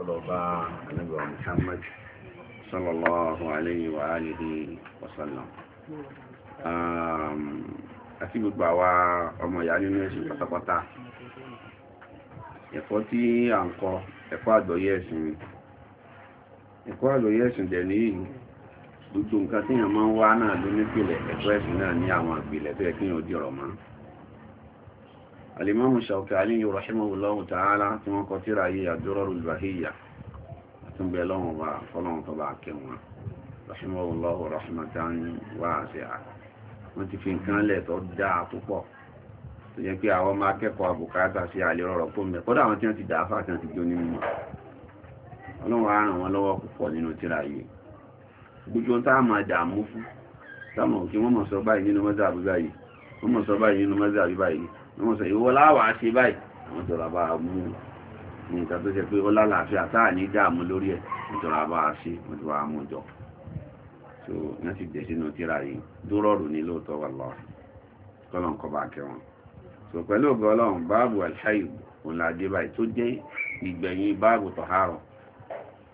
ọlọ́ba ànábì Muhammad sallallahu alayhi wa alihi wa sallam um, àti ọmọ ìyá nínú ẹ̀sìn ya ẹ̀kọ́ esi à ń kọ́ ẹ̀kọ́ àgbọ́yé ẹ̀sìn mi ẹ̀kọ́ àgbọ́yé ẹ̀sìn dẹ̀ ní yìí gbogbo nǹkan tí èèyàn máa alimamu Shawkani rahimahullahu ta'ala tí wọ́n kọ tírà yìí ad-Durarul Bahiyya àtúnbẹ̀ lọ́wọ́ wa fọlọ́wọ́n tó bá kẹ́ wọn rahimahullahu rahmatan wasi'a wọ́n ti fi nǹkan lẹ̀ tó dáa púpọ̀ tó yẹ pé àwọn ọmọ akẹ́kọ̀ọ́ àbùkátà sí àlè rọrọ̀ pọ̀ mẹ́ kódà àwọn tí wọ́n ti dà á fà tí wọ́n ti jó ní tá a máa dààmú wọ́n mọ̀ sọ báyìí nínú mọ́tà àbúgbà yìí wọ́n mọ̀ sọ báyìí nínú mọ́tà àbúgbà yìí wọ́n sọ ìwọ láwà ṣe báyìí àwọn ìjọra bá mú ní ìta tó ṣe pé ó lálàáfíà táà ní dààmú lórí ẹ̀ ìjọra bá ṣe wọ́n so wọ́n sì dẹ̀ sínú tíra yìí dúrọ́rù ní lóòótọ́ wà lọ kọ́lọ̀ so pẹ̀lú ògbọ́ ọlọ́run báàbù alhaib òǹlàdé báyìí tó jẹ́ ìgbẹ̀yìn báàbù tọ̀hárọ̀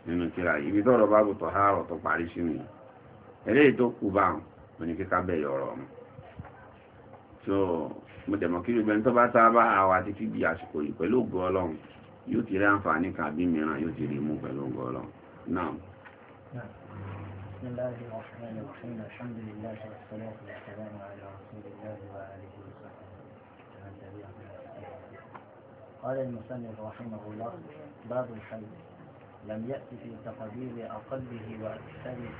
nínú tíra yìí ibi tọ́rọ̀ báàbù tọ̀hárọ̀ tó parí sí mi eléyìí tó kù báwọn oníkíkà bẹ̀yọ̀ ọ̀rọ̀ so mo dẹ̀ mọ̀ kí gbogbo ẹni tó bá sábà àwa títí bí àsìkò yìí pẹ̀lú ògo ọlọ́run yóò ti rí àǹfààní kan àbí mìíràn yóò ti rí mú pẹ̀lú ògo ọlọ́run náà. بسم قال المصنف رحمه الله باب الحمد لم يأت في تقدير أقله وأكثره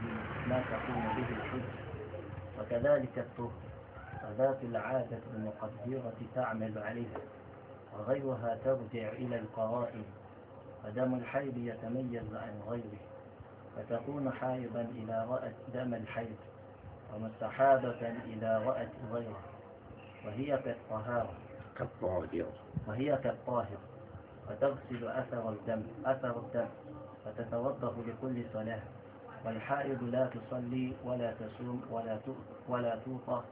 ما تقوم به الحج وكذلك الطهر ذات العادة المقدرة تعمل عليها وغيرها ترجع إلى القرائن فدم الحيض يتميز عن غيره فتكون حائضا إذا رأت دم الحيض ومستحابة إذا رأت غيره وهي كالطهارة وهي كالطاهر فتغسل أثر الدم أثر الدم فتتوضأ لكل صلاة والحائض لا تصلي ولا تصوم ولا ولا توطى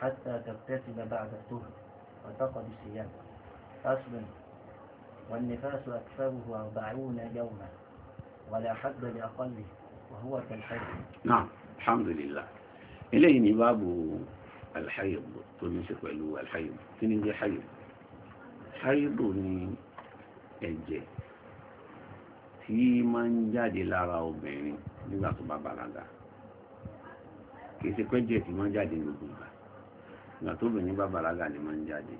حتى تغتسل بعد الطهر وتقضي الصيام أصل والنفاس أكثره أربعون يوما ولا حد لأقله وهو كالحيض نعم الحمد لله إليني باب الحيض تنسك له الحيض تنسك حيض حيض ni في من máa لا راو بيني obìnrin nígbà tó كيف bàlágà kìí ṣe pẹ́jẹ̀ tí máa ń ìgbà tó bìnrin bá bàlágà lè máa ń jáde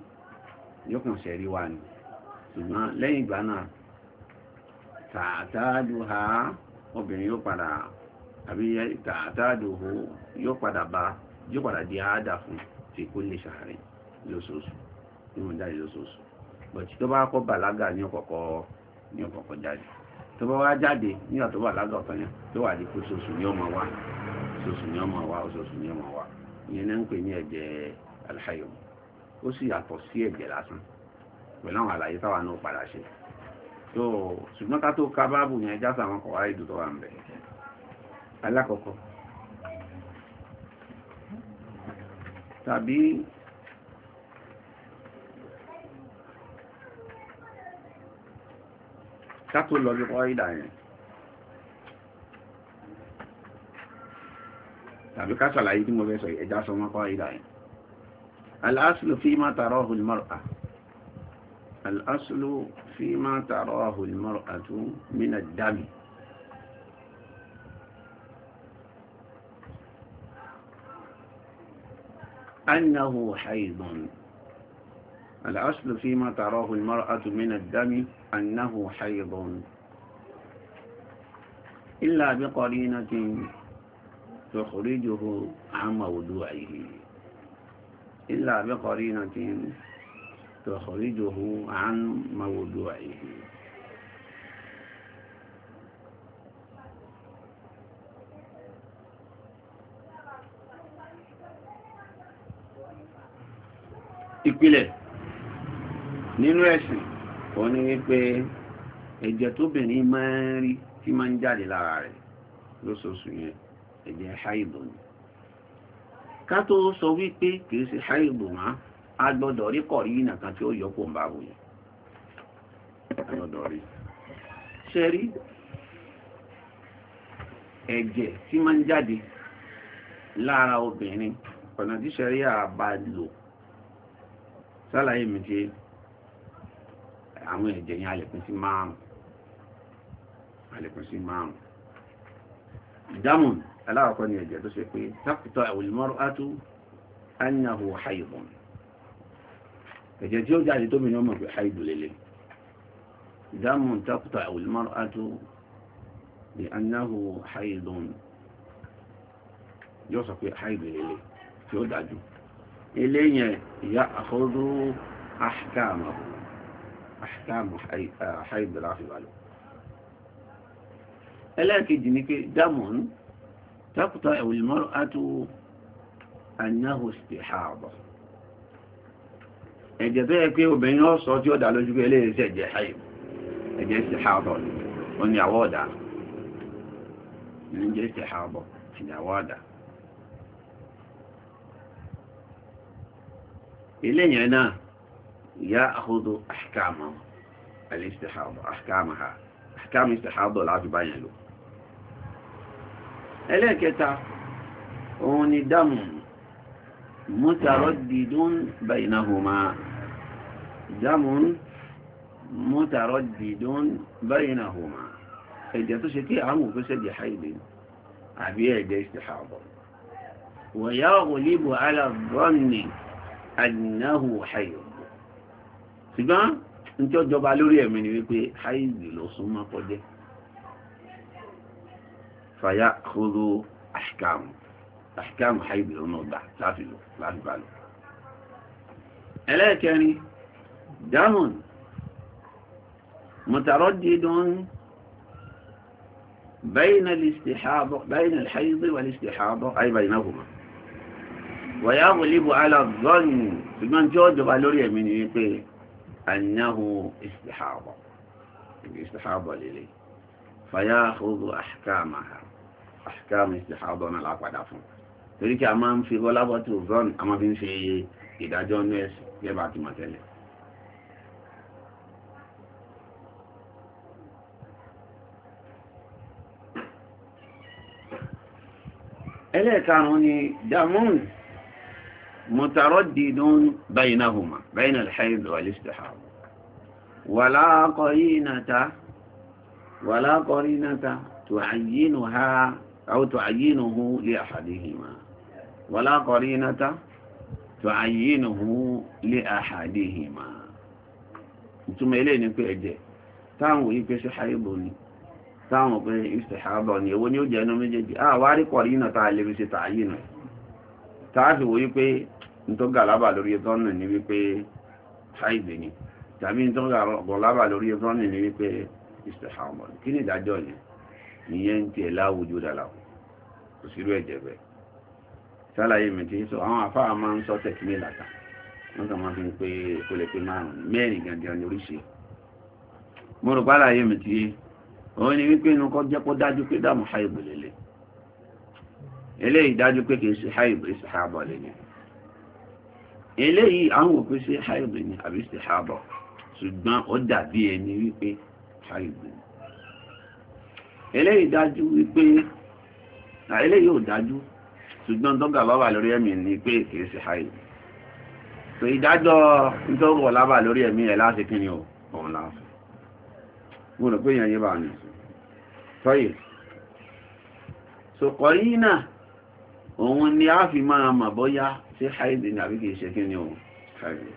yóò kàn ṣẹ̀rí wa na ṣùgbọ́n lẹ́yìn ìgbà ha obìnrin yóò padà àbí tààtàádù ho yóò padà bá yóò padà di àádà fún fi kó lè ṣàárẹ̀ lóṣooṣù tí wọ́n jáde lóṣooṣù bọ̀tí tó bá kọ́ bàlágà ní ọ̀kọ̀ọ̀kọ̀ ní ọ̀kọ̀ọ̀kọ̀ jáde tó bá wá jáde nígbà tó ọ̀tọ̀ yẹn tó wà wa ṣoṣù n'iwa ọmọ wa ṣoṣù ní ọmọ wa ìyẹn náà ń pè ní ẹ̀jẹ̀ alhayo ó sì yàtọ̀ sí ẹ̀jẹ̀ lásán pẹ̀lú àwọn àlàyé táwa náà padà ṣe tó ṣùgbọ́n ká tó ka báàbù yẹn já sáwọn kọ̀wá ìdù tó wà ń bẹ̀ alákọ̀ọ́kọ́ tàbí ká tó lọ sí kọ̀wá ìdà yẹn tàbí ká ṣàlàyé tí mo fẹ́ sọ ẹ̀já sọ wọn kọ̀wá ìdà yẹn الأصل فيما تراه المرأة الأصل فيما تراه المرأة من الدم أنه حيض الأصل فيما تراه المرأة من الدم أنه حيض إلا بقرينة تخرجه عن موضوعه إلا àbẹ́kọ̀rí náà عن ń tọ̀kọ̀rí jòhó àánú mawòdó àìsí. ìpìlẹ̀ nínú ẹ̀sìn wọ́n ní wípé ẹ̀jẹ̀ tóbìnrin máa ń rí tí máa ń jáde lára rẹ̀ lóṣooṣù yẹn ẹ̀jẹ̀ ṣáìbọ̀ ni ká tó sọ wípé kìí ṣe ṣáìbù wọn a gbọ́dọ̀ rí kọ̀rí ìnà kan tí ó yọpọ̀ ń bá wù yìí a gbọ́dọ̀ rí ṣe rí ẹ̀jẹ̀ tí máa ń jáde lára obìnrin ọ̀nà tí ṣẹ̀rí àbá lò sálàyé mi ti àwọn ẹ̀jẹ̀ yẹn alẹ̀kùn sí márùn-ún alẹ̀kùn sí márùn-ún ìdámùn الأعرق أن يجد بس يقول تقطع المرأة أنه حيض يجد جوجة لدوم يوم بحيض للي دم تقطع المرأة لأنه حيض يوصف حيض للي جوجة إلين يأخذ أحكامه أحكام حيض العفو لكن دمون تقطع المرأة أنه استحاضة ẹ̀jẹ̀ tó yẹ pé obìnrin náà sọ tí ó dá lójú pé eléyìí ẹ̀jẹ̀ haib ẹ̀jẹ̀ ìsìhábọ̀ wọn ni àwọ́ ọ̀dá ẹ̀jẹ̀ ìsìhábọ̀ ẹ̀jẹ̀ àwọ́ ọ̀dá eléyìí náà yá àkóso àkàmà àkàmà àkàmà ìsìhábọ̀ láti báyìí lò ẹlẹ́ẹ̀kẹta òun ni dámù mutaradidun bainahuma dámù mutaradidun bainahuma ẹ̀jẹ̀ tó ṣe kí àwọn òkú ṣẹ̀jẹ̀ haìdè àbí ẹ̀jẹ̀ istihaba wa yaghlibu ala dhanni annahu haìdè ṣùgbọ́n ní tí فيأخذ أحكامه أحكام حيب الأنوضة ده في لا في باله ألا دم متردد بين الاستحاضة بين الحيض والاستحاضة أي بينهما ويغلب على الظن في من جود غالوريا من يقول أنه استحاضة الاستحاضة لليه fayáhùrù àṣìkáàmù ìṣẹ̀hábọ̀ náà lápadà fún torí kí a máa ń fi rọ́lábọ́tì òvron a máa fi ń ṣe ìdájọ́ ní ẹ̀sìn gẹ́bà àti mọ̀tẹ́lẹ̀ ẹlẹ́ẹ̀karùn ni damun mutaradidun bainahuma bainal hayd wal istihaba wala qarinata wàlá kọrí náta tó àyínú ha àwọn tó àyínú hu lé àhàdéhìmá wàlá kọrí náta tó àyínú hu lé àhàdéhìmá ha ilé ní pé ẹ̀jẹ̀ táwọn òyìn pé ṣe ni táwọn ni èwo ni ó jẹ́ ẹnu méjèèjì àwárí kọrí náta lè ìsìlámù kí ni ìdájọ́ yẹn ìyẹn ń tiẹ̀ láwùjọ dàlà kò sírú ẹ̀jẹ̀ bẹ́ẹ̀ sálàyé mi ti sọ àwọn afáà máa ń sọ tẹ̀kíní làtà wọ́n kàn máa fi ń pé kó lè pé márùn-ún mẹ́rin gangan ní oríṣi mo rò pálàyé mi ti òun ni wípé inú kọ́ jẹ́ kó dájú pé dáàmú ṣáìbù lélẹ̀ eléyìí dájú pé kì í ṣe ṣáìbù ìṣèṣàbọ̀ lélẹ̀ eléyìí àwọn òpin ṣe ṣáìbù ni àbí ìṣèṣàbọ̀ ṣùgbọ́n ó dàbí ẹni wípé ṣáìbù eléyìí dájú wípé eléyìí ò dájú ṣùgbọ́n dọ́gà lọ́wà lórí ẹ̀mí ni pé kìí ṣe ṣáìbù so ìdájọ́ nítorí wọ̀ lábà lórí ẹ̀mí ẹ̀ láti kí ni ọ̀hún láàfẹ́ mo rò pé yẹn yé bá ní sọ́yè so kọ̀rí náà òun ni a fi máa mọ̀ bóyá ṣé ṣáìbù ni àbí kìí ṣe kí ni ọ̀hún ṣáìbù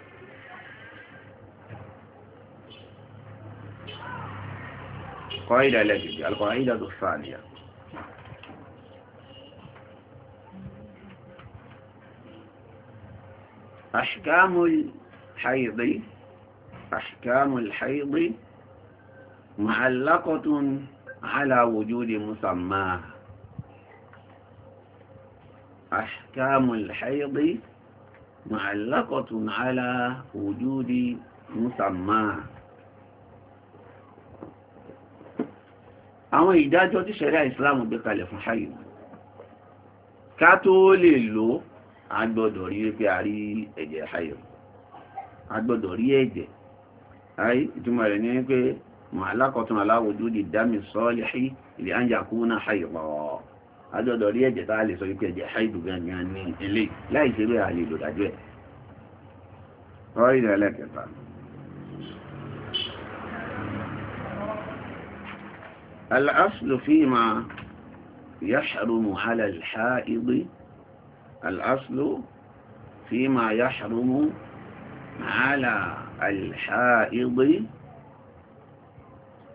القاعدة التي القاعدة الثانية أحكام الحيض أحكام الحيض معلقة على وجود مسماه أحكام الحيض معلقة على وجود مسماه àwọn ìdájọ́ tí ṣẹ̀ríà ìsìláàmù gbé kalẹ̀ fún ṣáyé ká tó lè lò a gbọ́dọ̀ rí pé a rí ẹ̀jẹ̀ ṣáyé a gbọ́dọ̀ rí ẹ̀jẹ̀ ayé ìtumọ̀ rẹ̀ ní pé mọ̀ alákọ̀tún aláwòjú di dámi sọ́ọ̀lì ṣí ilẹ̀ anja kú náà ṣáyé pọ̀ a rí ẹ̀jẹ̀ tá a lè sọ pé ẹ̀jẹ̀ ṣáyé الأصل فيما يحرم على الحائض الأصل فيما يحرم على الحائض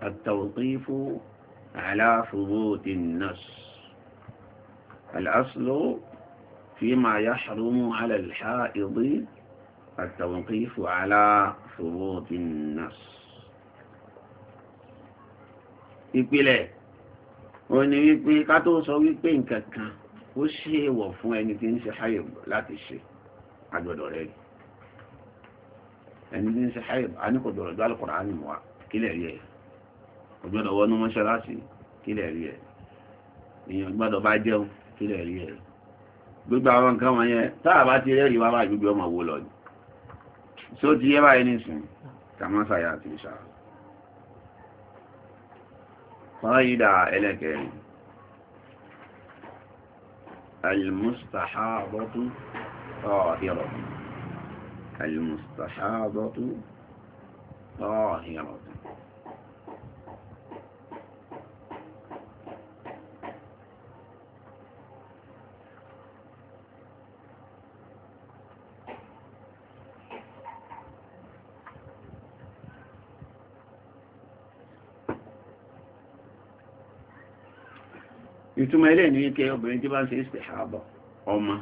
التوقيف على ثبوت النص الأصل فيما يحرم على الحائض التوقيف على ثبوت النص ìpìlẹ̀ ó ní wípé ká tó sọ wípé nǹkan kan ó ṣe èèwọ̀ fún ẹni tí ń ṣe hayib láti ṣe agbọ́dọ̀ rẹ̀ ẹni tí ń ṣe hayib a ní kò gbọ́dọ̀ gbá Al-Kùránì mọ́ wa kílẹ̀ rí ẹ̀ kò gbọ́dọ̀ wọnú mọ́ṣáláṣí kílẹ̀ rí ẹ̀ èèyàn gbọ́dọ̀ bá jẹun kílẹ̀ rí ẹ̀ gbogbo àwọn nǹkan wọn yẹn táà bá ti rẹ́rìí wá bá gbogbo ọmọ wo lọ ni só ti yẹ báyìí nìsín kàmọ́sà àti ìṣàlọ́ قاعدة عائلك المستحاضة طاهرة المستحاضة طاهرة ìtumọ̀ ilé ní wípé obìnrin tí bá ń ṣe ìsìtẹ̀hábọ̀ ọmọ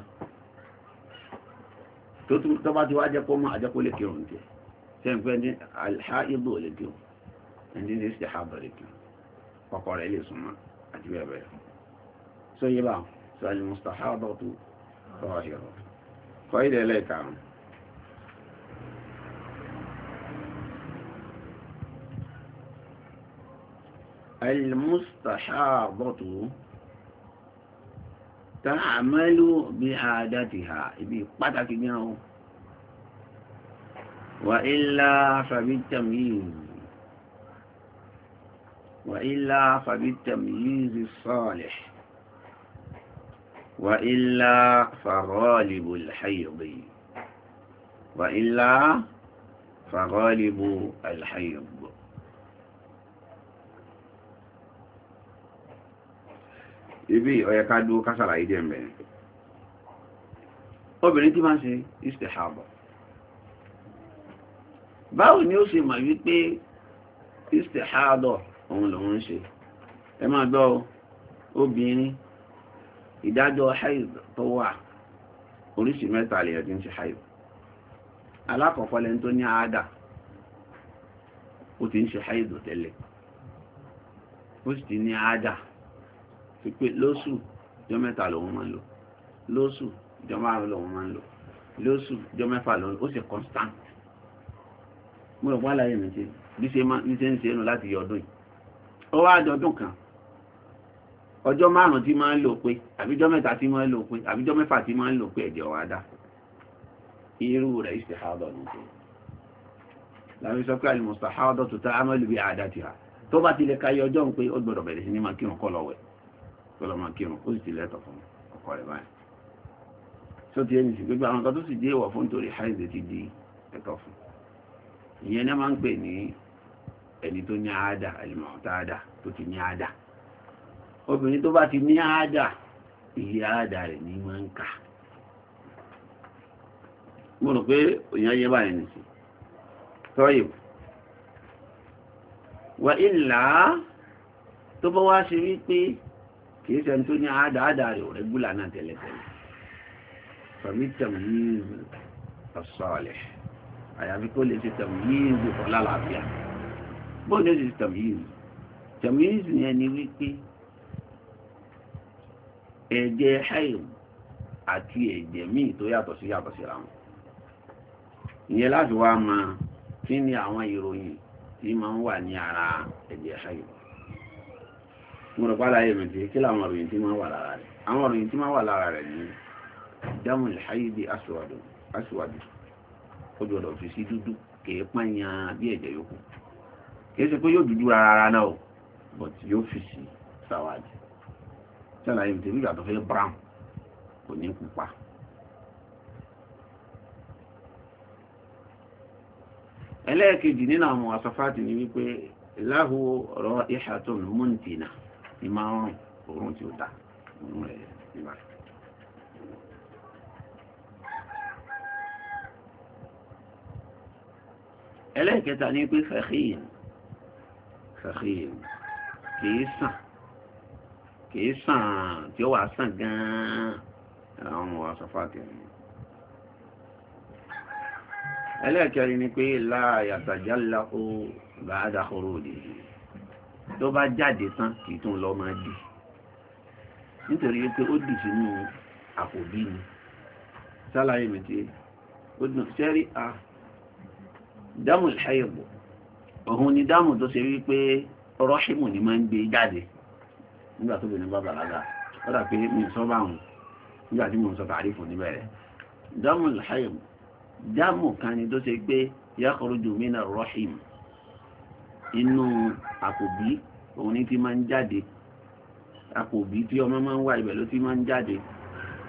tó bá ti wá jẹ́ kó mọ́ àjẹ́kó lè kí oúnjẹ tí ẹn pẹ́ ní àlhá ìbò lè kí o ẹni ní المستحاضة تعملوا بعادتها وإلا فبالتمييز وإلا فبالتمييز الصالح وإلا فغالب الحيض وإلا فغالب الحيض ibi ọ̀yẹ ká dúó kásàlà ìdí ẹ̀mẹ̀ obìnrin tí máa ń ṣe istihaba báwo ni ó ṣe mà wípé istihaba òun lòun ń ṣe ẹ máa gbọ́ obìnrin ìdájọ́ haid tó wà oríṣìí mẹ́ta lè ẹ̀dí ń ṣe haid alákọ̀ọ́kọ́ lẹ́ni tó ní àádà ó ti ń ṣe haid tẹ́lẹ̀ ó sì ti ní àádà pípé lóṣù jọ mẹ́ta lòun máa ń lò lóṣù jọ márùn lòun máa ń lò lóṣù jọ mẹ́fà lòun ó sì constant mo rò wá láyé mi ṣe bí ṣe ń ṣe nù láti yọ ọdún yìí ó wá àjọdún kan ọjọ́ márùn tí máa ń lò pé àbíjọ́ mẹ́ta tí máa ń lò pé àbíjọ́ mẹ́fà tí máa ń lò pé ẹ̀jẹ̀ wá dá irú rẹ̀ ìṣèhábọ̀ ní ṣe láti sọ pé àlùmọ̀ṣàhábọ̀ tó tá a máa lù bí àdá ti hà tó bá ti lè ka yọ ọjọ́ ń pé ó gbọ́dọ̀ bẹ̀rẹ̀ sí ní máa kírun kọ́ lọ́wọ́ ẹ̀ pé lọ́mọ kírun ó sì ti lẹ́tọ̀ fún ọkọ rẹ̀ báyìí tó ti ẹni sì gbogbo àwọn kan tó sì dé ìwọ̀ fún torí haizé ti di ẹ̀tọ́ fún ìyẹn náà máa ń pè ní ẹni tó ní àádà ẹlẹ́mọ̀ àádà tó ti ní àádà obìnrin tó bá ti ní àádà iye àádà rẹ̀ ní máa ń kà mo rò pé òyìn ayé báyìí nìsí tọ́yìn wà ìlà tó bá wá ṣe wípé kìí ṣe tó ní àádáadà rẹ̀ rẹ́gúlà náà tẹ́lẹ̀tẹ́lẹ̀ fẹ̀mí tẹ̀míyìnbù ọ̀sọ̀ọ̀lẹ̀ àyàfi kó lè ṣe tẹ̀míyìnbù ọ̀lá làbíà bó ní ó ṣe tẹ̀míyìnbù tẹ̀míyìnbù yẹn ni wípé ẹ̀jẹ̀ haim àti ẹ̀jẹ̀ míì tó yàtọ̀ sí yàtọ̀ síra wọn ìyẹn láti wá máa kí ni àwọn ìròyìn tí máa ń wà ní ara ẹ̀jẹ̀ haim mo rọ̀ pàdà yìí mẹ́tì kí tí máa wà lára rẹ̀ àwọn ọ̀ròyìn tí máa wà lára rẹ̀ ní dámù ìháyédè aṣọwàdù ó gbọdọ̀ fi sí dúdú kìí pààyàn bí ẹ̀jẹ̀ yòókù kìí ṣe pé yóò dúdú rárá náà but yóò fi sí sàwádì sẹ́lá yìí tẹ̀lé ìgbà tó fẹ́ brown kò ní pupa. ẹlẹ́ẹ̀kejì nínú àwọn ni wípé láhùn ọ̀rọ̀ ìmọ̀ ọrùn òórùn tí ó dá òórùn rẹ̀ nígbà. ẹlẹ́ẹ̀kẹta ní pé fẹ̀kíyìn fẹ̀kíyìn kìí sàn kìí sàn tí ó wà sàn gan-an àwọn ọmọ wa sọ ẹlẹ́ẹ̀kẹrin ni pé láàyàtàjálá ó bàá dáhùrò òdìdí tó bá jáde tán kì lọ máa dì nítorí pé ó dì sínú àkòbí ni sálàyé mi ti ó dùn sẹ́rí a dámù ìṣàyẹ̀bọ̀ òun ni dámù tó ṣe pé rọ́ṣìmù ni máa ń gbé jáde nígbà tó bìnrin bá bàlágà ó dà pé mi sọ bá wọn nígbà tí mo sọ kan ni tó ṣe pé inú àkòbí òun ní ti máa ń jáde àkòbí tí ọmọ máa ń wà ibẹ̀ ló ti máa ń jáde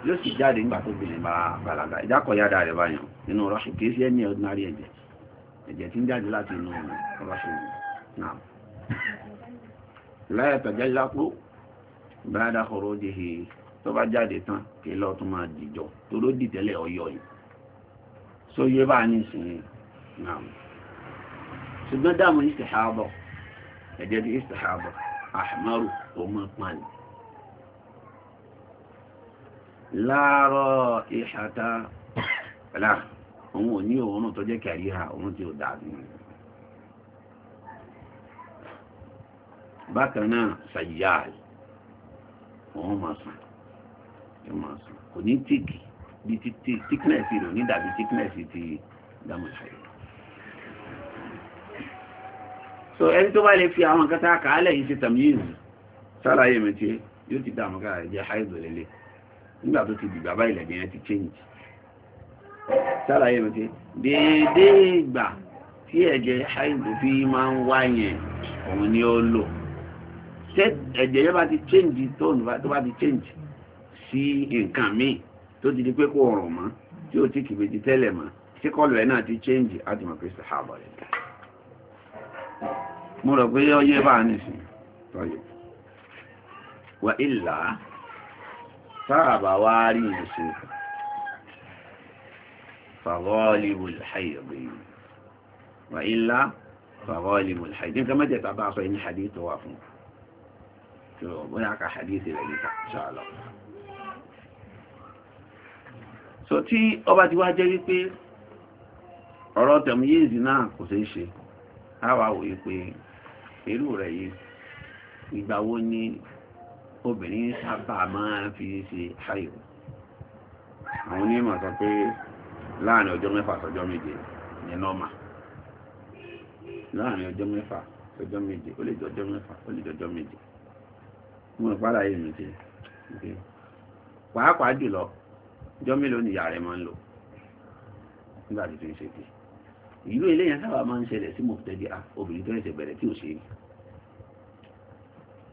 yóò sì jáde nígbà tó bìnrin bá bàlágà ìdákọ̀yàdà rẹ̀ báyàn nínú rọ́ṣù kìí sí ẹni ordinary ẹ̀jẹ̀ ẹ̀jẹ̀ tí ń jáde láti inú rọ́ṣù náà láyàtọ̀jẹ́ lápò báyàdà kọ̀rọ̀ ó dìhe tó bá jáde tán kí lọ́ tún máa dìjọ tó ló dìtẹ́lẹ̀ ọyọ yìí sóyé bá ní ìsinyìí náà ṣùgbọ́n dáàmù ìsìtìhábọ̀ ẹ̀jẹ̀ bí ìsìtìhábọ̀ àhàmárù ọmọ pàlì láàárọ̀ ìṣàtà pẹ̀lá òun ò ní òun tó jẹ́ kẹrìíra òun tí ó dàbí bákan náà sàyíyáàlì òun máa sùn yóò máa sùn kò ní tíkì bí tíknẹ́sì rẹ̀ ní dàbí tíknẹ́sì ti dámọ̀ ṣàyẹ̀wò so ẹni tó bá lè fi àwọn nǹkan tá kàálẹ̀ yìí ṣe tàmíyìí sálàyé yóò ti dá jẹ́ lélẹ̀ nígbà tó ti dìgbà báyìí lẹ̀dẹ̀ yẹn ti change sálàyé mi tí déédéé gba tí ẹ̀jẹ̀ háìdò fi máa ń wá yẹn òun ni ó lò ṣé ẹ̀jẹ̀ yẹn bá ti change tó bá ti change sí nǹkan míì ti di pé kó mọ́ ti kìbejì tẹ́lẹ̀ mọ́ ẹ̀ náà ti change mo rọ̀ pé yọ yé bá nìsín tọ́yọ̀ wà ìlà sáàbà wá rí ìṣe fàgọ́ọ̀lìbù ìhàìrì wà ìlà fàgọ́ọ̀lìbù ìhàìrì nǹkan mẹ́tẹ̀ẹ̀ta bá sọ ẹni so tí ọba ti wá jẹ́ wípé ọ̀rọ̀ tẹ̀mú yéèzì náà kò ṣeé ṣe àwa wòye pé irú rẹ̀ yìí ìgbà wo ni obìnrin sábà máa fi ṣe ṣáyẹ̀wò àwọn onímọ̀ sọ pé láàrin ọjọ́ mẹ́fà sọjọ́ méje ní nọ́mà láàrin ọjọ́ mẹ́fà sọjọ́ méje ó lè jọjọ́ mẹ́fà ó lè jọjọ́ méje mo rò pàdà yìí mi ti pàápàá jùlọ ọjọ́ mélòó ni ìyá rẹ̀ máa ń lò nígbà tí tó ń ṣe bíi ìlú eléyàn sábà máa ń ṣẹlẹ̀ sí mọ̀tẹ́dì obìnrin tó ẹ̀sẹ̀ bẹ̀rẹ̀ tí ò ṣe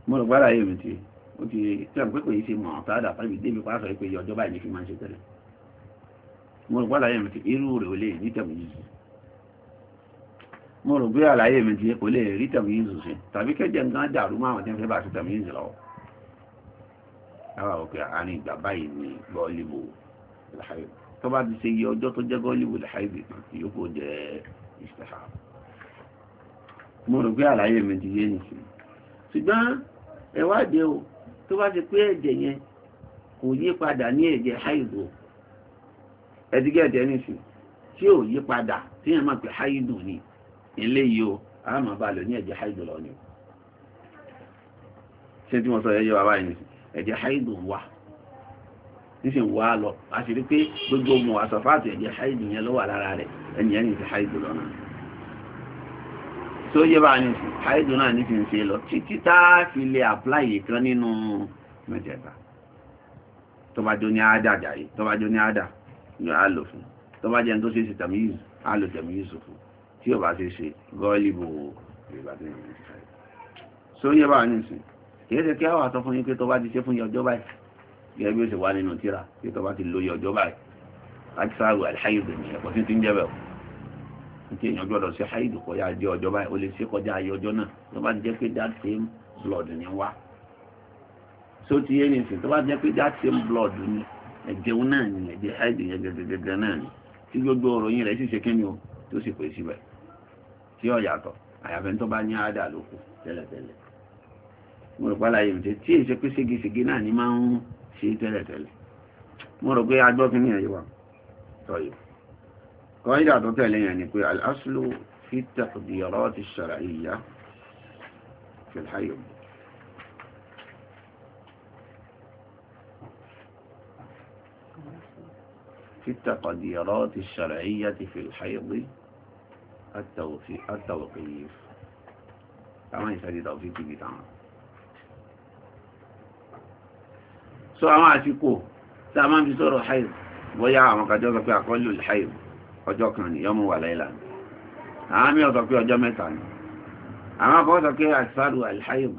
mo rò gbára yé mi ti ó ti tí a pẹ́pẹ́ yìí ṣe mọ̀ ọ̀tá àdá fábí débi pa sọ pé ọjọ́ báyìí ní fi máa ń ṣe tẹ́lẹ̀ mo rò gbára yé mi ti irú rẹ̀ ò lè rí tẹ̀mù yìí ṣe mo rò gbé àlàyé mi ti kò lè rí tẹ̀mù yìí ṣe tàbí kẹ́jẹ́ nǹkan dàrú máa wọ̀n tí wọ́n fẹ́ tó bá ti ṣe iye ọjọ́ tó jẹ́ gọ́ọ̀lìwòlì haidi yóò jẹ́ ìṣẹ̀hà mo rò pé àlàyé mi ti yé nìṣẹ́ ṣùgbọ́n ẹ̀wádìí o tó bá ti pé ẹ̀jẹ̀ yẹn kò yí padà ní ẹ̀jẹ̀ haidi o ẹ̀dígẹ́ ẹ̀jẹ̀ nìṣẹ́ tí ò yí padà tí yẹn máa pè haidi ni ilé yìí o a máa bá lò ní ẹ̀jẹ̀ haidi lọ ṣé tí mo sọ ẹ̀yẹ wà báyìí ẹ̀jẹ̀ haidi wà níṣẹ́ ń wá lọ a sì rí pé gbogbo ọmọ àsọfáàtì ẹ̀jẹ̀ ṣáìdì yẹn ló wà lára rẹ̀ ẹni ẹni ti ṣáìdì lọ́nà tó yẹ bá ní ṣáìdì náà ní fi ń ṣe lọ títí tá a fi lè àpláyè kan nínú mẹ́tẹ̀ẹ̀ta tó bá jó ní àádà jàre tó bá jó ní àádà ni a lò fún tó bá jẹun tó ṣe ṣe tàmí yìí a lò tàmí yìí sùn tí ò bá ṣe ṣe gọ́ọ̀lì bò ìbàdàn ìrìn ṣáìdì tó yẹ bá ní kì í ṣe kí á wà sọ fún yín pé tó bá ti ṣe fún yín ọjọ́ báyìí gẹ́gẹ́ bí ó ṣe wá nínú tíra tí tó bá ti lóye ọjọ́ báyìí láti sáàrù àìháìdù ní ẹ̀kọ́ tí ti ń jẹ́ bẹ̀rù tí èèyàn gbọ́dọ̀ sí àìháìdù kọjá ajé ọjọ́ báyìí ó lè ṣe kọjá ayé ọjọ́ náà tó bá jẹ́ pé that same blood ni wá so ti yé nìsín tó bá jẹ́ pé that same blood ni ẹ̀jẹ̀ náà ni ẹ̀jẹ̀ àìháìdù yẹn náà ni tí gbogbo ọ̀rọ̀ yín rẹ̀ sì ṣe kí ni o tó sì pè síbẹ̀ tí ó yàtọ̀ àyàfẹ́ tó bá ní àádà lóko tẹ́lẹ̀tẹ́lẹ̀ mo rò pálá yìí tí èsì pé ségesège náà ni máa ń في ثلاثة ألف لي مرقوا يعدوا في يا يوم طيب قاعدة تتالي يعني قوي الأصل في التقديرات الشرعية في الحي في التقديرات الشرعية في الحيض التوقيف التوقيف تمام يسالي توقيف بتاعنا so àwọn àsìkò tí a máa fi sọ̀rọ̀ haid bóyá àwọn kàjọ́ sọ pé àkọlù haid ọjọ́ kan ni yọ́mù wà láìlà àwọn mí ọ̀sọ̀ pé ọjọ́ mẹ́ta ni àwọn akọ́ sọ pé àṣìfàdù alhaid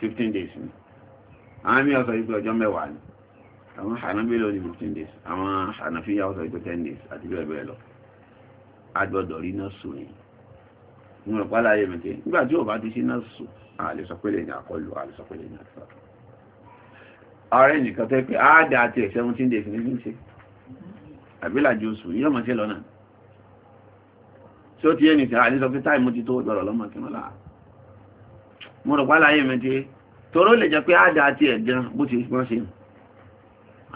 15 days ni àwọn mí ọ̀sọ̀ pé ọjọ́ mẹ́wàá ni àwọn hànábílò ní 15 days àwọn hànáfíyà ọ̀sọ̀ pé 10 days àti bẹ́ẹ̀ bẹ́ẹ̀ lọ agbọ́dọ̀ rí náà sùn ni wọn rọ̀ pálá ayé mẹ́tẹ́ nígbà tí ò bá ti sí náà àlè sọ pé lè ní àkọlù àlè sọ pé lè ní àkọlù ààrẹ nìkan tẹ́ pé àádá àti ẹ̀ 17 days ní ṣe àbílàjì oṣù yóò mọ̀ sí lọ́nà tí ó ti yẹ́ nìkan àní sọ pé táìmù ti tó ọ̀dọ̀rọ̀ lọ́mọ kí wọ́n láà mo rọ̀ pálá yé mi ti toró lè jẹ́ pé àádá àti ẹ̀ gan bó ti wọ́n ṣe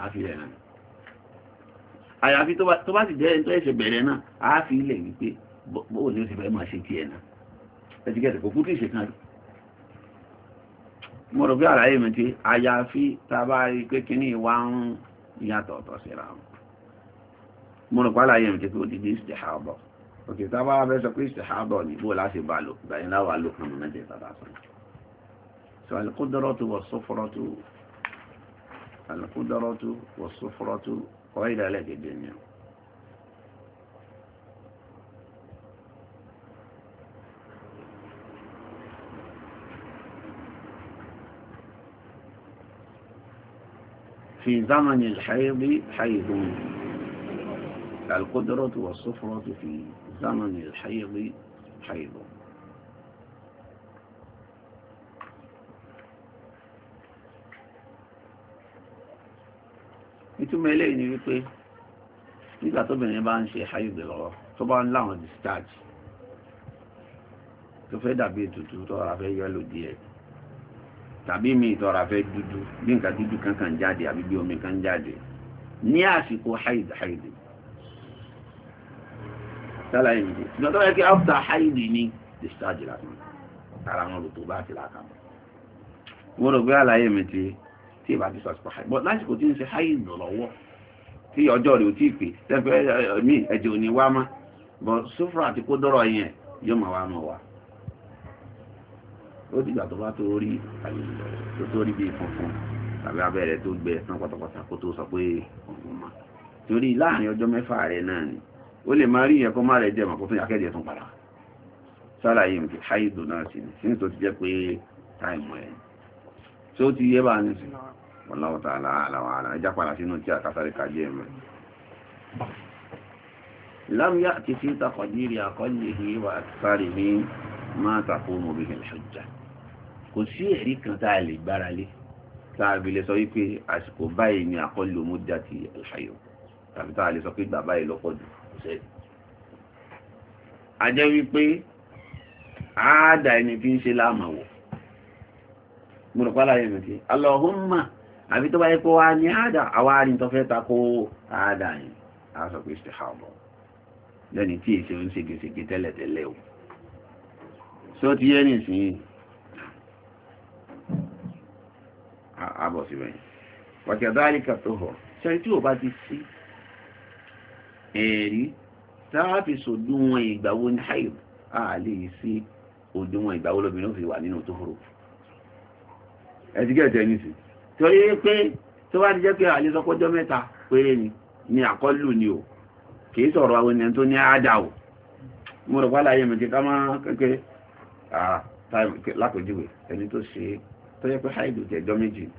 àfi rẹ̀ náà àyàfi tó bá sì jẹ́ ẹni tó ẹ̀ṣẹ̀ bẹ̀rẹ̀ náà àáfi ilẹ̀ wípé mo rò pé àlàyé mi ti àyàfi tàbá rí pé kíní ìwà ń yàtọ̀ ọ̀tọ̀ síra wọn mo rò pé àlàyé mi ti pé òdìdí ìsìtìhábọ̀ òkè tàbá abẹ́ sọ pé ìsìtìhábọ̀ ní bó láti bá lò gbàyìn láwà lò fún mi mẹ́tẹ̀ẹ́ tàbá sọ so alikudaratu wa sufratu alikudaratu wa sufratu kọ́ ìdálẹ̀ ni o في زمن الحيض حيض القدرة والصفرة في زمن الحيض حيض ìtumọ̀ eléyìí ni wípé nígbà tóbìnrin bá ń ṣe àyíbẹ̀ lọ́wọ́ tó bá ń láwọn discharge tó fẹ́ dàbí ètùtù tó ara fẹ́ yẹ́lò díẹ̀ tàbí mi ìtọ́ra fẹ́ dúdú bí nǹkan dúdú kankan jáde àbí bí omi kan jáde ní àsìkò haid haid sálàyé mi dé ṣùgbọ́n tó yẹ kí after haid ni discharge láti ara wọn lò tó bá ti láka mọ́ mo rò pé àlàyé mi ti tí ìbá ti sọ̀tò haid but lásìkò tí ń ṣe haid lọ́wọ́ tí ọjọ́ rẹ̀ ò tí ì pé tẹ́fẹ́ eh, mi ẹ̀jẹ̀ ò ní wá mọ́ but sufra àti kó dọ́rọ̀ yẹn yóò máa wá mọ́ wa ó dìgbà tó bá tó rí tó tó rí bí funfun tàbí abẹ́rẹ́ tó gbẹ tán pátápátá kó tó sọ pé ọ̀gbọ̀n ma torí láàrin ọjọ́ mẹ́fà rẹ̀ náà ni ó lè máa rí ẹ̀kọ́ má rẹ̀ jẹ́ màkó tó yàkẹ́jẹ́ tún padà sálàyé nǹkan ṣáìdù náà sí ni sínú tó ti jẹ́ pé táìmù ẹ̀ tí ó ti yé bá ní sí wallahu ta'ala àlàwọ̀ àlà ẹjá padà sínú tí àkásáré kàjẹ́ mẹ́ لم يأتي في تقدير أقله وأكثره ما تقوم به الحجة kò sí ẹ̀rí kan tá a lè gbára lé tá a fi lè sọ wípé àsìkò báyìí ni àkọlù muddati al-hayy tàbí tá a lè sọ pé bàbá yìí lọ́pọ̀ jù kò sẹ́yìn. a jẹ́ wípé àádà ẹni tí ń ṣe láàmàwọ̀ mo yẹn mẹ́tì Allahumma àbí tó bá yẹ kó wá ní àádà àwa ni fẹ́ ta kó àádà yẹn a sọ pé istihaba lẹ́ni tí èsì ń ṣègeṣège tẹ́lẹ̀tẹ́lẹ̀ o. sọ ti yẹ́ nìsín yìí àbọ̀ sí wẹ̀yìn wàkẹ̀dáríkà tó họ̀ ṣẹ́rí tí ò bá ti sí ẹ̀rí táàfi sòdúnwọ̀n ìgbàwó ní hayo a lè sí òdúnwọ̀n ìgbàwó lóbìnrin ó fi wà nínú tó hòrò ẹ̀dígẹ̀ẹ́tẹ̀ ní sí torí pé tó bá ti jẹ́ pé àlè sọpọ́jọ́ mẹ́ta péré ni ni àkọlù ni o kìí sọ̀rọ̀ àwọn ènìyàn tó ní àádá o mo rọ̀ pálá ayé mi kí ká máa kékeré ah, lápèjúwe ẹni tó ṣe é tó yẹ pé haidu tẹ̀ jọ méjì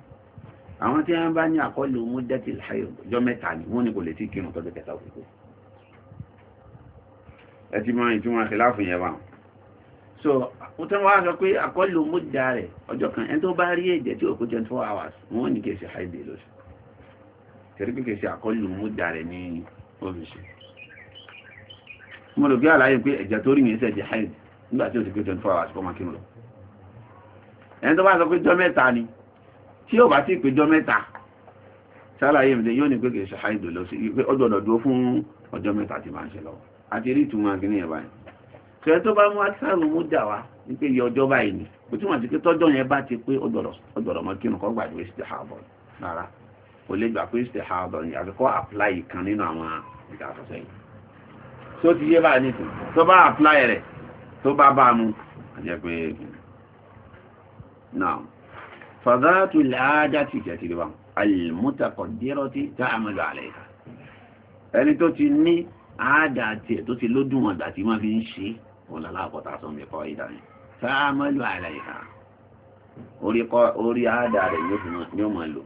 àwọn tí wọ́n bá ní àkọlù múdẹ́tì haidu jọ mẹ́ta ni wọ́n ní kò lè tí kírun tọ́jú kẹta òkúkú ẹ ti máa ìtumọ̀ àkìláàfù yẹn wà so wọ́n tẹ́ wọ́n sọ pé àkọlù múdà rẹ̀ ọjọ́ kan ẹni tó bá rí ẹ̀jẹ̀ tí òkú twenty four hours wọ́n ní kèsì haidu lóṣù tẹ̀rí pé kèsì àkọlù múdà rẹ̀ ní oṣù mo lò bí àlàyé pé ẹ̀jẹ̀ tó rí yẹn sẹ̀jẹ̀ haidu nígbà tí ó ti pé twenty four hours kọ́ máa kírun lọ ẹni tó bá sọ pé jọ mẹ́ta ni tí yóò bá sì pé jọ mẹ́ta ṣàlàyé mi yóò ní pé ṣe àìdò lọ sí pé ọjọ́ ọ̀dọ̀ dúró fún ọjọ́ ti máa ń ṣe lọ àti rí ìtumọ̀ akínní yẹn báyìí ṣe tó bá mú akíṣàrò mú jà wá ní pé iye ọjọ́ báyìí ni kò túmọ̀ sí pé ti pé ọ̀dọ̀rọ̀ mọ́ kírun kọ́ gbàdúrà istihaadọ̀ rárá kò lè gbà pé istihaadọ̀ ni àfikọ́ kan nínú àwọn náà fàdátù láàdá ti jẹ́tìrí wa alìmútakọ̀dírọ́tì tá a mọ̀lú àlẹ́ ìka ẹni tó ti ní àádá tiẹ̀ tó ti lódùn ọ̀dà tí wọ́n fi ń ṣe wọn lọ́la àkọ́tà sọ mi kọ́ ìdá yẹn tá a mọ̀lú àlẹ́ ìka orí àádá rẹ̀ ni ó máa lò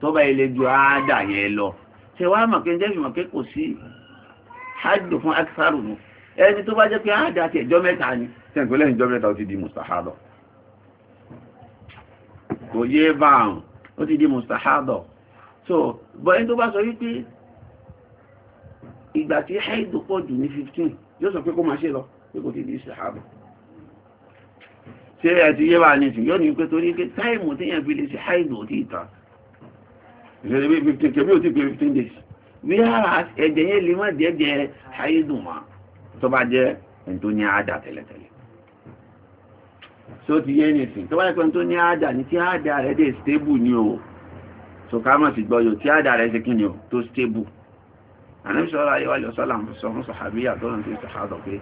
tó bá ilé ju àádá yẹn lọ ṣe wá mọ̀ pé ń jẹ́ ìmọ̀ pé kò sí hajj fún ẹni tó bá jẹ́ pé àádá tiẹ̀ jọ́ mẹ́ta ni tẹ̀gbọ́lẹ́yìn jọ́ mẹ́ta ti di mustahadọ̀ kò yé bá àrùn ó ti di mustahadọ̀ so bọ́ ẹni tó bá sọ wípé ìgbà tí haidu pọ̀ jù ní 15 yóò sọ pé kó máa ṣe lọ pé kò ti di ṣàhábà ṣe ẹ̀ ti yé bá ní ṣù yóò ní pé torí pé táìmù tí yẹn fi lè days bí ara ẹ̀jẹ̀ yẹn lè má jẹ́ jẹ́ haidu ma tó bá jẹ́ ẹni tó ní àádá tí ó ti yé nìsìn tó wáyé pẹ́ni tó ní àádà ní tí àádà rẹ̀ dé stable ni o so ká mọ̀ sí gbọ́yọ̀ tí àádà rẹ̀ ṣe kí ni o tó stable ànábì sọ́ra ayé wáyé ọ̀sọ́là sọ fún sàhábíyà tó lọ́n ti sàhádọ̀ pé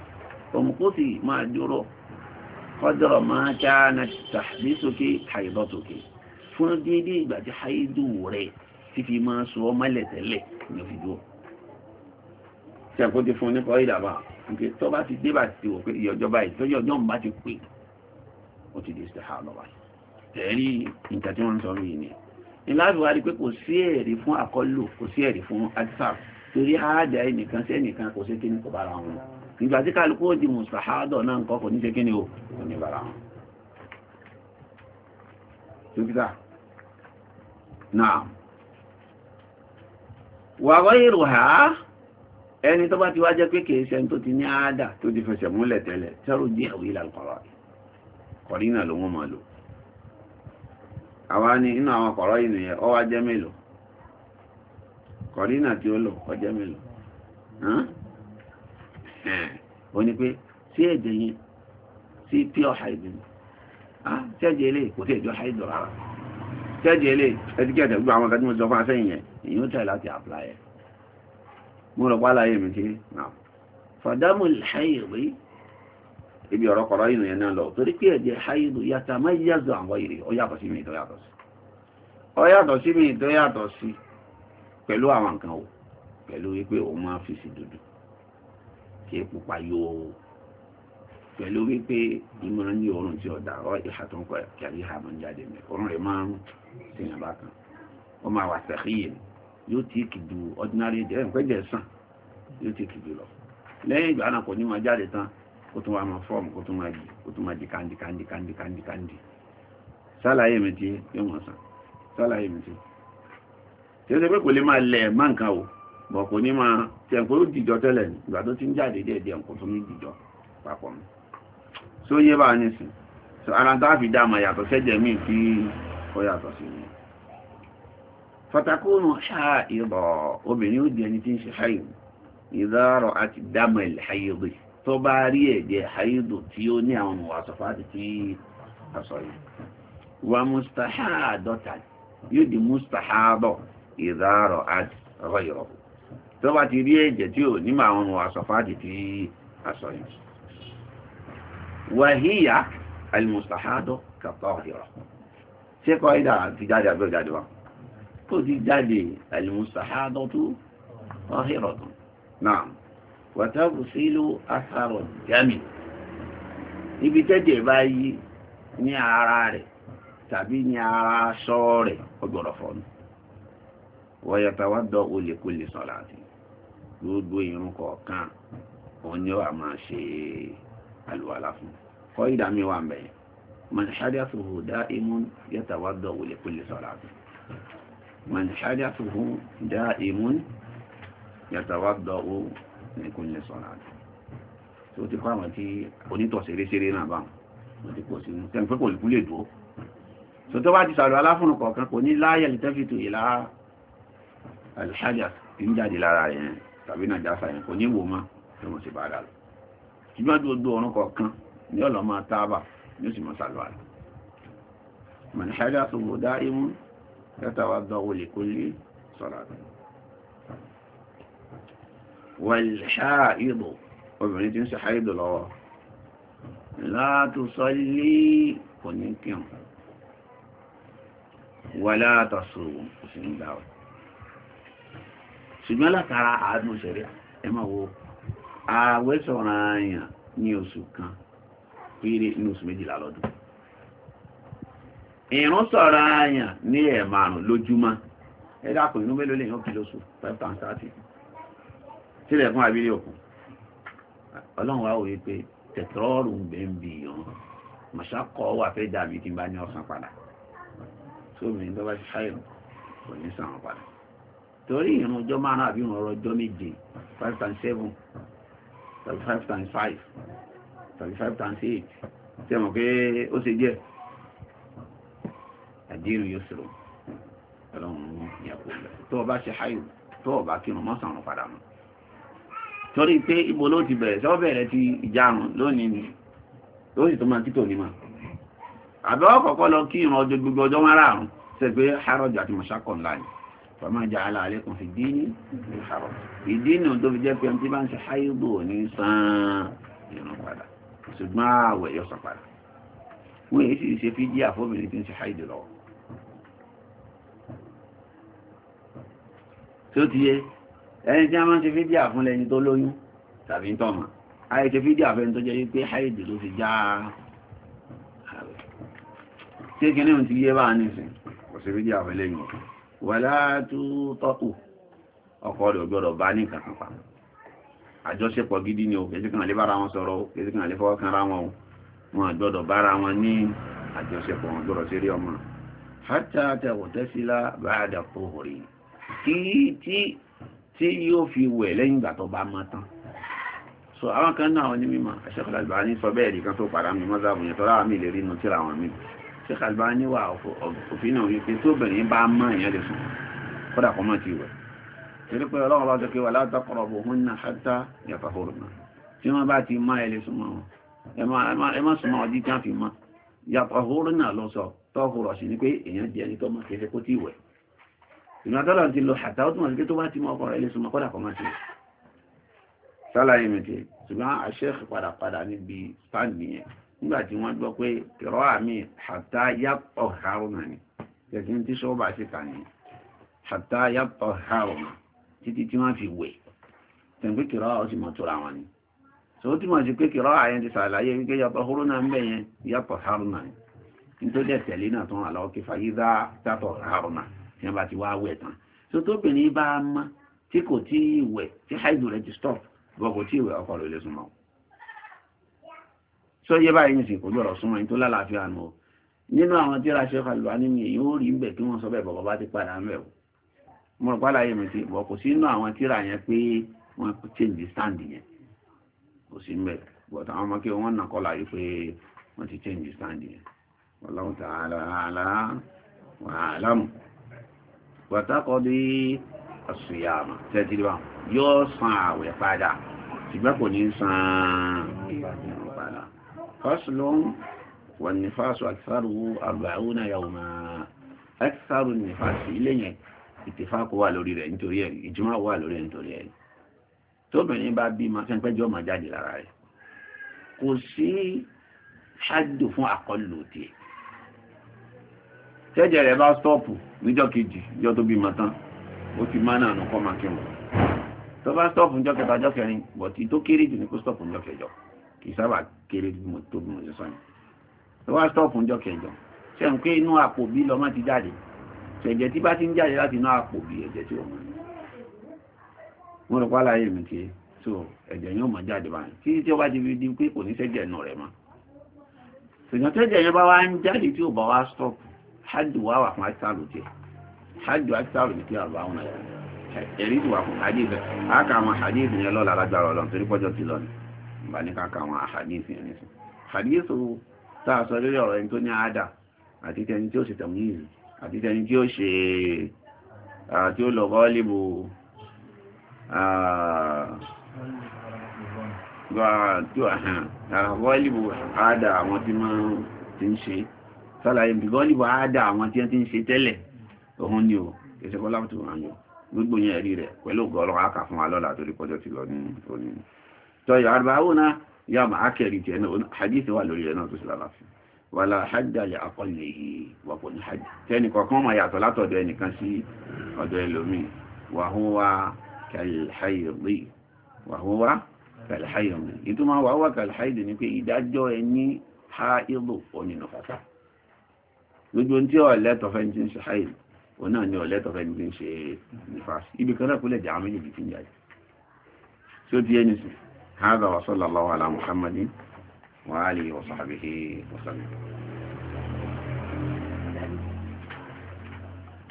òmùkúsì máa dúró kọ́dọ̀rọ̀ máa ká na tàbí sókè àìbọ̀ sókè fún dídí ìgbà tí haidu rẹ̀ ti fi máa sọ ọ́ mọ́lẹ̀ tẹ́lẹ̀ ní òfin dúró tí àkójọ fún ní kọ́ ìdàbà tó bá ti dé bá ti wò pé ìyọjọba ìtọ́jú ọjọ́ ń bá ti pè é ó ti di istihada báyìí ẹ̀rí nǹkan tí wọ́n ń sọ rí ni ìlàbí wa rí pé kò sí ẹ̀rí fún àkọlù kò sí ẹ̀rí fún adisa torí àádá ẹnìkan sí ẹnìkan kò sí kí ní kò bára wọn nígbà tí kálukú ó di mùsàhádọ̀ náà nǹkan kò ní ṣe kí ni ó kò ní bára wọn dókítà náà wàwọ́ ìrò ha ẹni tó bá ti wá jẹ́ pé kìí ṣe tó ti ní àádá tó ti fẹsẹ̀ múlẹ̀ tẹ́lẹ̀ tẹ́rù díẹ̀ wílà kọ̀rínà ló wọ́n máa lò àwa ní inú àwọn kọ̀rọ̀ inú yẹn wá jẹ́ mélòó kọ̀rínà tí ó lò ó jẹ́ mélòó ó ní pé sí èdè sí pure hydro ṣẹ́jì ilé kò tí èjò hydro rárá ṣẹ́jì ilé ẹtíkẹ́tẹ̀ gbogbo àwọn akẹ́kọ̀ọ́ ìjọba sẹ́yìn yẹn èyí ó tẹ̀ láti apply ẹ̀ mo rọ̀ pálá mi fàdámù ibi ọ̀rọ̀ kọ̀rọ̀ inú yẹn náà lọ torí pé ẹ̀jẹ̀ haidu yàtà má yàzọ àwọn èrè ó yàtọ̀ sí mi tó yàtọ̀ sí ó yàtọ̀ sí mi tó yàtọ̀ sí pẹ̀lú àwọn nǹkan o pẹ̀lú wípé òun máa fi sí dúdú kí pupa yóò pẹ̀lú wípé ìmọ̀ ní oorun tí ọ̀dà ọ̀ ìhà tó ń kọ kẹ̀lí ìhà máa ń jáde mẹ́ oorun rẹ̀ máa ń sèyàn bá kan ó máa wà sẹ́kìyè yóò tí kì ju ordinary jẹ́ ìpẹ́jẹ̀ sàn yóò tí kì jù lọ lẹ́yìn ìgbà náà kò ní máa jáde tán kó tún wá máa fọ́ọ̀mù kó tún máa jì kó máa jì kandi kandi kandi kandi kandi sálàyé mi ti yóò mọ̀ sàn sálàyé mi ti tí ó ṣe pé kò lè máa lẹ̀ má nǹkan o bọ̀ kò ní máa tẹ̀ kó dìjọ tẹ́lẹ̀ ìgbà tó ti ń jáde díẹ̀ díẹ̀ kò tún ní dìjọ papọ̀ mi só yé bá a nísìn ara tá a fi dá àmọ̀ yàtọ̀ sẹ́jẹ̀ mi fi ọ yàtọ̀ sí mi fatakunu ṣáà ìbọ̀ obìnrin ó di ẹni tí ń ṣe ṣáà ìdáàrọ̀ àti dámọ̀ ìlẹ̀ ṣáà tó bá rí ẹ̀jẹ̀ haidu tí ó ní àwọn mọ̀wàsọ̀fà tí aṣọ yìí wà mustahadọ́ta yóò di mustahadọ́ ìdárọ̀ àti ọ̀rọ̀ ìrọ̀kù tó bá ti rí ẹ̀jẹ̀ tí ò ní àwọn mọ̀wàsọ̀fà tí aṣọ yìí wàhíyà alìmùsàhádọ́ kàtọ́ọ̀hìrọ̀ ṣé kọ́ ìdá ti jáde àbẹ́ ìjáde wa tó ti jáde alìmùsàhádọ́ tó ọ̀hìrọ̀ tán náà wàtàbù sílù asarọ̀ jami ibi tẹ́tẹ̀ bá yí ní ara rẹ̀ tàbí ní ara aṣọ rẹ̀ ọgbọ̀rọ̀ fọ́nù wọ́yẹ̀tàwà dọ́ olèkulè sọ̀rọ̀ àti gbogbo irun kọ̀ọ̀kan òun ni wà máa ṣe àlùwàlá fún kọ́ ìdámi wà mẹ́ man hadathuhu da'imun yatawadda li kulli salati man hadathuhu da'imun yatawadda ní kò nílẹ̀ sọ́nà àti tí ó ti kọ́ àwọn tí onítọ̀sẹ̀rẹ́sẹ̀rẹ́ náà bá wọn ti pọ̀ sí wọn tẹ́lifí kò lùkú lè dúró so tó bá ti sàlù aláfúnnù kọ̀ọ̀kan kò ní láyẹ̀ lè tẹ́fì tó ìlà alìṣájà tí ń jáde lára rẹ̀ yẹn tàbí náà jáfà yẹn kò ní wò má tó mọ̀ sí bá dà lọ ṣùgbọ́n gbogbo ọ̀run kọ̀ọ̀kan ní ọ̀lọ́ máa tábà ní ó sì mọ̀ àlọ́ mọ̀ ní ṣájà tó gbọ́dá imú yàtàwà dọ́wọ́ lè kó lé sọ̀rọ̀ àgbẹ̀ wàlháìdù obìnrin tí ń ṣe háìdù lọ́wọ́ látùsọ́lé kò ní kíọ̀n wà látàṣòwò kò sí ń gbà ọ̀ ṣùgbọ́n látara àádùn ṣẹ̀rẹ̀ ẹ máa wo ààwẹ̀ sọ̀rọ̀ àyàn ní oṣù kan péré ní oṣù méjìlá lọ́dún ìrún sọ̀rọ̀ àyàn ní ẹ̀ẹ̀márùn lójúmọ́ ẹ inú mélòó lè yàn kí lóṣù 5 sílẹ̀ fún abílẹ̀ òkun ọlọ́run wá wòye pé tẹ̀tọ́rọ̀rù ń bẹ ń bì yàn mọ̀ṣákọ̀ wà fẹ́ dàbí kí n bá ní ọ̀sán padà sómi ní lọ́wọ́ ṣáìrù kò ní sàn padà torí ìrún ọjọ́ márùn-ún àbí ìrún ọ̀rọ̀ ọjọ́ méje five times seven tàbí five times five tàbí five times eight tí a mọ̀ pé ó ṣe jẹ́ àdéhùn yóò ṣòro ọlọ́run ìyàpò tó o bá ṣe ṣáìrù tó o bá kírun mọ́sàn-án padà mọ́ torí pé ibo ló ti bẹ̀rẹ̀ sọ bẹ̀rẹ̀ ti ìjàrùn lónìí ni ó sì tó máa títò ní ma àbẹ́wọ́ kọ̀kọ́ lọ kí ìran ọjọ́ gbogbo ọjọ́ márààrún ṣe pé harrods àti mọ̀ṣákọ̀ ńlá ni fàmà jà á láàlẹ́ kan fi dín ní harrods ìdí nù tó fi jẹ́ pé ẹni tí bá ń ṣe háyébò ní sàn ìran padà ṣùgbọ́n àwẹ̀ yọ sàn padà wọ́n èyí sì ṣe fídí àfọ́bìnrin tí ń ṣe háyébò lọ́wọ́ tí ó ti yẹ ẹni tí a máa ń ṣe fídíà fún lẹni tó lóyún tàbí tọ́mà ayé ṣe fídíà fẹ́ni tó jẹ́ wípé haidi ló fi já ààrẹ tí kí ní ti yé bá nìsìn kò sí fídíà fẹ́ lẹ́yìn wà látú tọ́kù ọkọ rẹ̀ gbọ́dọ̀ bá ní kankan pa àjọṣepọ̀ gidi ni o kèsì kan lè bára wọn sọ̀rọ̀ o kèsì kan lè kan ra wọn wọn gbọ́dọ̀ bára wọn ní àjọṣepọ̀ wọn gbọ́dọ̀ sí rí ọmọ hátà tẹ̀wọ̀tẹ́sílá bá dàpọ̀ rí kí tí tí yóò fi wẹ̀ lẹ́yìn ìgbà tó bá mọ́ tán so àwọn kan náà wọn ní mímọ̀ Sheikh Al-Albani sọ bẹ́ẹ̀ nìkan tó padà mi mọ́sá àbùyàn tọ́lá àmì lè rí inú tíra wọn mi Sheikh Al-Albani wà òfin náà wípé tó bẹ̀rẹ̀ bá mọ́ èèyàn lè sùn kódà kọ́ mọ́ ti wẹ̀ torí pé ọlọ́run bá sọ pé wala taqrabuhunna hatta yatahurna tí wọ́n bá ti mọ́ ẹ lè súnmọ́ wọn ẹ má súnmọ́ ọdí tí wọ́n fi mọ́ yatahurna lọ sọ tọ́hùrọ̀ sí ni pé èèyàn jẹ́ ẹni tó mọ́ kẹfẹ́ kó ti wẹ̀ ìrìnàtọ́lọ̀ ti lọ àtà ó túnmọ̀ sí pé tó bá ti mọ́ ọkọ̀ rẹ̀ lè súnmọ́ kọ́dà kọmọ́ sí sálàyé mẹ́tẹ̀ ṣùgbọ́n àṣẹ́ẹ̀kì padà padà níbi sáàdì yẹn nígbà tí wọ́n gbọ́ pé kẹrọ àmì àtà yàtọ̀ haruna ni kẹsì tí sọ́ọ̀bà sì kà ní àtà yàtọ̀ haruna títí tí wọ́n fi wẹ̀ tẹ̀m̀pé kẹrọ àwọn sì mọ̀ tóra wọn ni sọ ó túnmọ̀ sí pé kẹrọ àyẹn ti sàlàyé wípé yàtọ̀ haruna ń bẹ̀ yẹn yàtọ̀ haruna ni nítorí ẹ̀ náà tó àlọ́ kẹfà yí yàtọ̀ haruna tí wọ́n bá ti wá wẹ̀ tán tó tóbìnrin bá mọ́ tí kò tí ì wẹ̀ tí haidu rẹ̀ ti stop bọ́ kò tí ì wẹ̀ ọkọ rẹ̀ lè súnmọ́ sọ yẹ báyìí nìsín kò gbọ́dọ̀ súnmọ́ yín tó lálàáfíà nù o nínú àwọn tí raṣẹ́ kalùbá nínú èyí ó rí bẹ̀ kí wọ́n sọ bẹ́ẹ̀ bọ̀ bá ti padà ń bẹ̀ o mo rò pàlàyé mi ti bọ̀ kò sí inú àwọn tíra yẹn pé wọ́n change stand yẹn kò sí mbẹ̀ bọ̀tà àwọn ọmọ kí wọ́n nà kọ́ láyé pé wọ́n ti change stand yẹn wọ́n tààlà àlà wàtàkọ́dé àṣùyàmà tẹ́tìlíwà yóò san àwẹ̀ padà ṣùgbọ́n kò ní san padà fásilọ́n wà ní fásọ àkísàrù àgbàáwọ́nà yàwùmá àkísàrù ní fásì ilé yẹn ìtìfákò wà lórí rẹ̀ nítorí ẹ̀ ìjùmọ̀ wà lórí rẹ̀ nítorí ẹ̀ tóbìnrin bá bí ma fẹ́ pẹ́jọ́ ma jáde lára rẹ̀ kò sí ṣáàdù fún àkọlù tiẹ̀ tẹ́jẹ̀ rẹ̀ bá stọ́ọ̀pù níjọ́ kejì níjọ́ tó bímọ tán ó ti máa náà nǹkan máa kírun tó bá stọ́ọ̀pù níjọ́ kẹta jọ́ kẹrin bọ̀tí tó kéré jù ní kó stọ́ọ̀pù níjọ́ kẹjọ kì í sábà kéré tó bí mo ṣe sọ yẹn tó bá stọ́ọ̀pù níjọ́ kẹjọ ṣe ń pé inú àpò bí lọ́mọ ti jáde ṣẹ̀jẹ̀ tí bá ti ń jáde láti inú àpò bí ẹ̀jẹ̀ tí wọ́n rọ̀ pálá yìí mi so ẹ̀jẹ̀ yóò mọ̀ jáde báyìí títí tí ó bá ti fi di pé kò ní ṣẹ̀jẹ̀ nù rẹ̀ mọ́ hajj wà wà fún akitaaru tiẹ̀ hajj akitaaru ní kílọ̀ àbá àwọn ẹ̀rí ti wà fún hadith a kà àwọn hadith yẹn lọ́la alágbára ọlọ́run torí pọ́jọ́ ti lọ ni bá ní ká kà àwọn hadith yẹn nìsọ hadith tá a sọ lórí ọ̀rọ̀ ẹni tó ní àádà àti tẹni tí ó ṣe tẹ̀mú yìí àti tẹni tí ó ṣe tí ó lọ gọ́ọ́lìbù gọ́ọ́lìbù àádà àwọn tí máa ti ń ṣe sálàyé bìgọ́lì wà á dà àwọn tí wọ́n ti ń ṣe tẹ́lẹ̀ òun ni o kẹsẹ̀ kọ́lá tó wà ní o gbogbo yẹn rí rẹ̀ pẹ̀lú ògọ́ ọlọ́run á kà fún wa lọ́la torí pọ́jọ́ ti lọ ní òní tọ́yọ̀ àrùbáwò náà yà má á kẹrì tiẹ̀ náà hadith wà lórí rẹ̀ náà tó sì lálàáfíà wàlá hajjá lè àkọlẹ̀ yìí wàpọ̀ ní hajj tẹ́nì kọ̀ọ̀kan máa yàtọ̀ látọ̀dọ̀ ẹnìkan sí ọ̀dọ̀ ẹlòmíì wàhúwá kàlhàìrì wàhúwá kàlhàìrì ìtumọ̀ wàhúwá kàlhàìrì ni pé ìdájọ́ ẹni ha ìlú onínú fàtà gbogbo tí ó lẹ́tọ̀ fẹ́ ti ń ṣe haid òun náà ni ó lẹ́tọ̀ fẹ́ ti ń ṣe nifas ibi kan náà kó lè àwọn méjèèjì ti ń jáde tí ó di ẹni sùn هذا وصلى الله على محمد وآله وصحبه وسلم